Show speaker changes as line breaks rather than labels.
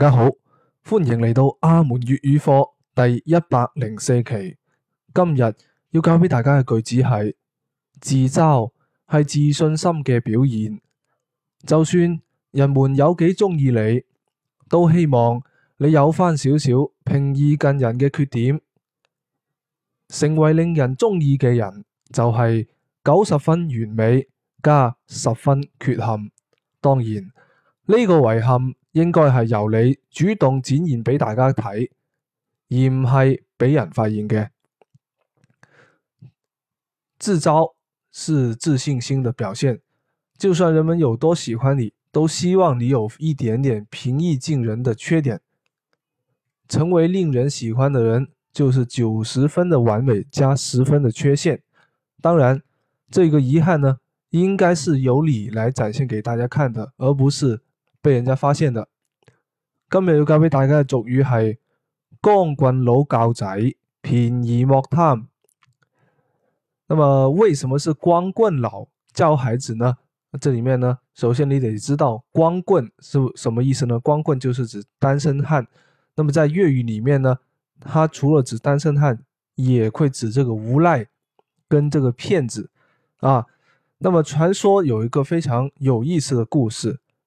大家好，歡迎嚟到阿門粵語課第一百零四期。今日要教俾大家嘅句子係：自嘲係自信心嘅表現。就算人們有幾中意你，都希望你有翻少少平易近人嘅缺點，成為令人中意嘅人，就係九十分完美加十分缺陷。當然。呢、這個遺憾應該係由你主動展現俾大家睇，而唔係俾人發現嘅。自嘲是自信心的表現，就算人們有多喜歡你，都希望你有一點點平易近人的缺點，成為令人喜歡的人，就是九十分的完美加十分的缺陷。當然，這個遺憾呢，應該是由你來展現給大家看的，而不是。被人家發現的，今日要教俾大家嘅俗語係光棍佬教仔，便宜莫貪。那麼為什麼是光棍佬教孩子呢？那這裏面呢，首先你得知道光棍是什麼意思呢？光棍就是指單身漢，那麼在粵語裏面呢，他除了指單身漢，也會指這個無賴跟這個騙子啊。那麼傳說有一個非常有意思的故事。